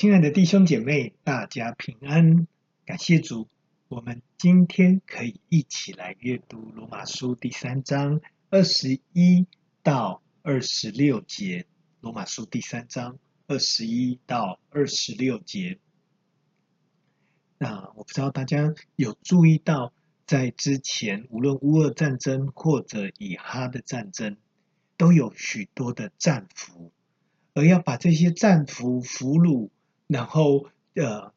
親愛的弟兄姐妹，大家平安，感謝主，我們今天可以一起來閱讀羅馬書第三章二十一到二十六節。羅馬書第三章二十一到二十六節。那我不知道大家有注意到，在之前無論烏俄戰爭或者以哈的戰爭，都有許多的戰俘，而要把這些戰俘俘虜。然後，呃，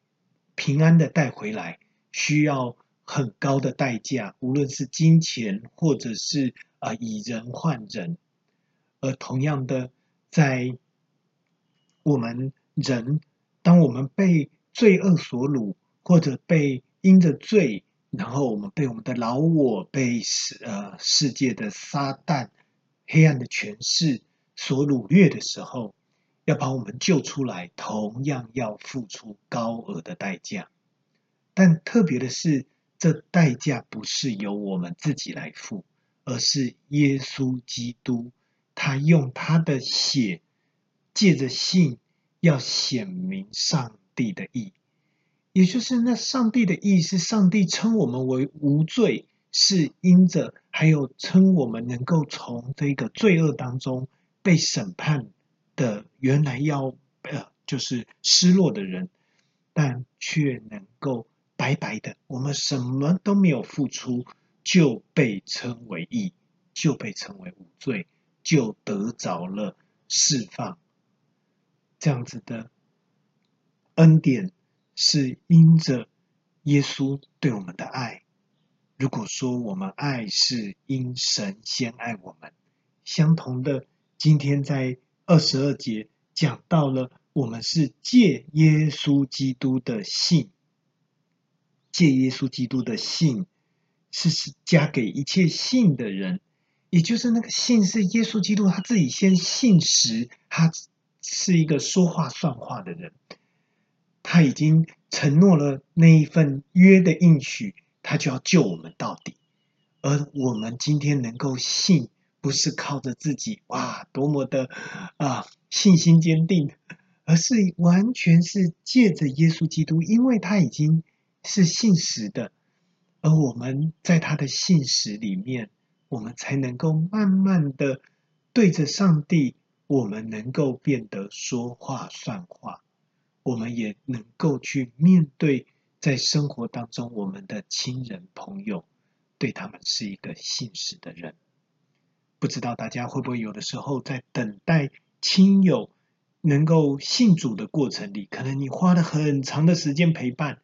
平安的帶回來，需要很高的代價，無論是金錢，或者是啊、呃、以人換人。而同樣的，在我們人，當我們被罪惡所擄，或者被因着罪，然後我們被我們的老我，被世呃世界的撒旦、黑暗的權勢所擄掠的時候。要把我們救出來，同樣要付出高額的代價。但特別的是，這代價不是由我們自己來付，而是耶穌基督，他用他的血，借着信要顯明上帝的義。也就是那上帝的義是，上帝稱我們為無罪，是因着還有稱我們能夠從這個罪惡當中被審判。的原來要呃，就是失落的人，但卻能夠白白的，我們什麼都沒有付出，就被稱為義，就被稱為無罪，就得着了釋放。這樣子的恩典是因着耶穌對我們的愛。如果說我們愛是因神先愛我們，相同的，今天在。二十二節講到了，我們是借耶穌基督的信，借耶穌基督的信，是是加給一切信的人。也就是那個信是耶穌基督他自己先信實，他是一個說話算話的人，他已經承諾了那一份約的應許，他就要救我們到底。而我們今天能夠信。不是靠着自己哇，多麼的啊信心堅定，而是完全是借着耶穌基督，因為他已經是信實的，而我們在他的信實裡面，我們才能夠慢慢的對着上帝，我們能夠變得說話算話，我們也能夠去面對在生活當中我們的親人朋友，對他們是一個信實的人。不知道大家會不會有的時候在等待親友能夠信主的過程裡，可能你花了很長的時間陪伴，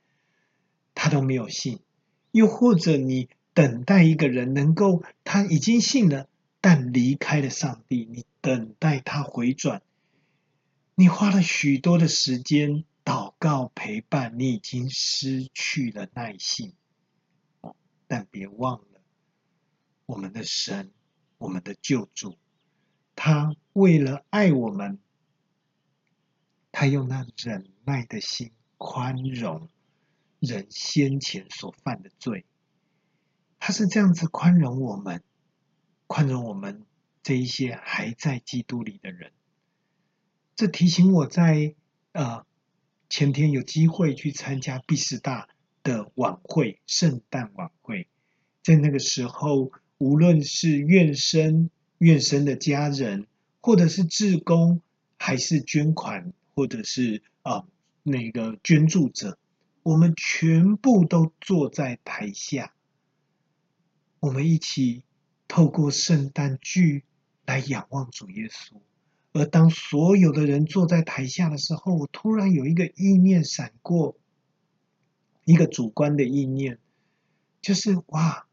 他都沒有信；又或者你等待一個人能夠他已經信了，但離開了上帝，你等待他回轉，你花了許多的時間禱告陪伴，你已經失去了耐性。但別忘了，我們的神。我們的救主，他為了愛我們，他用那忍耐的心寬容人先前所犯的罪，他是這樣子寬容我們，寬容我們這一些還在基督裡的人。這提醒我在呃前天有機會去參加畢士大的晚會，聖誕晚會，在那個時候。無論是院生、院生的家人，或者是志工，還是捐款，或者是啊、呃、那個捐助者，我們全部都坐在台下，我們一起透過聖誕劇來仰望主耶穌。而當所有的人坐在台下的時候，我突然有一個意念閃過，一個主觀的意念，就是哇。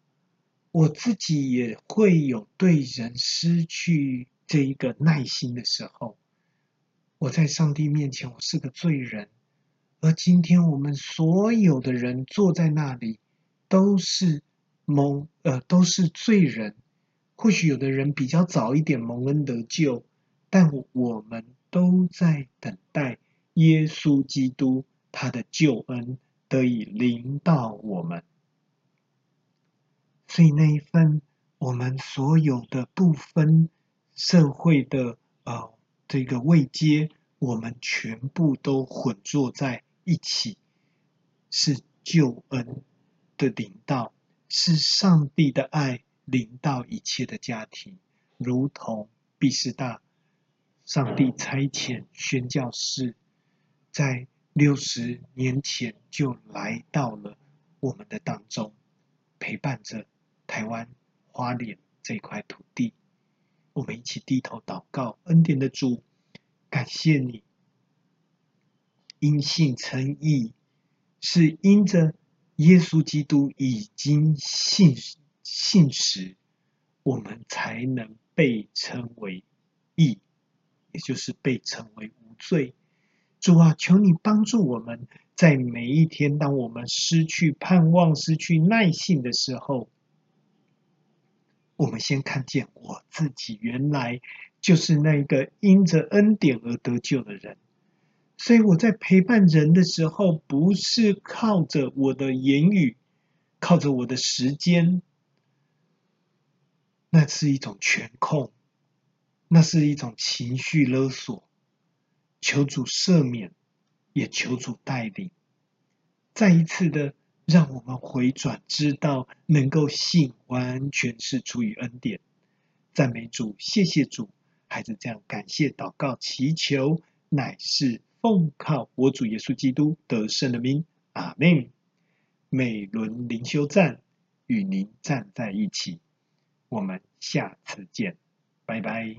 我自己也會有對人失去這一個耐心的時候。我在上帝面前，我是個罪人。而今天我們所有的人坐在那裡，都是蒙，呃，都是罪人。或許有的人比較早一點蒙恩得救，但我們都在等待耶穌基督他的救恩得以臨到我們。所以那一份我們所有的不分社會的呃、這個位階，我們全部都混坐在一起，是救恩的領導，是上帝的愛領導一切的家庭，如同畢士大，上帝差遣宣教士在六十年前就來到了我們的當中，陪伴着台灣花蓮這塊土地，我們一起低頭禱告。恩典的主，感謝你，因信稱義，是因着耶穌基督已經信信實，我們才能被稱為義，也就是被稱為無罪。主啊，求你幫助我們，在每一天，當我們失去盼望、失去耐性的時候。我們先看見我自己，原來就是那一個因着恩典而得救的人，所以我在陪伴人的時候，不是靠着我的言語，靠着我的時間，那是一種權控，那是一種情緒勒索。求主赦免，也求主帶領，再一次的。讓我們回轉，知道能夠信完全是出於恩典。讚美主，謝謝主，孩子這樣感謝、禱告、祈求，乃是奉靠我主耶穌基督得勝的名。阿門。每輪靈修站與您站在一起，我們下次見，拜拜。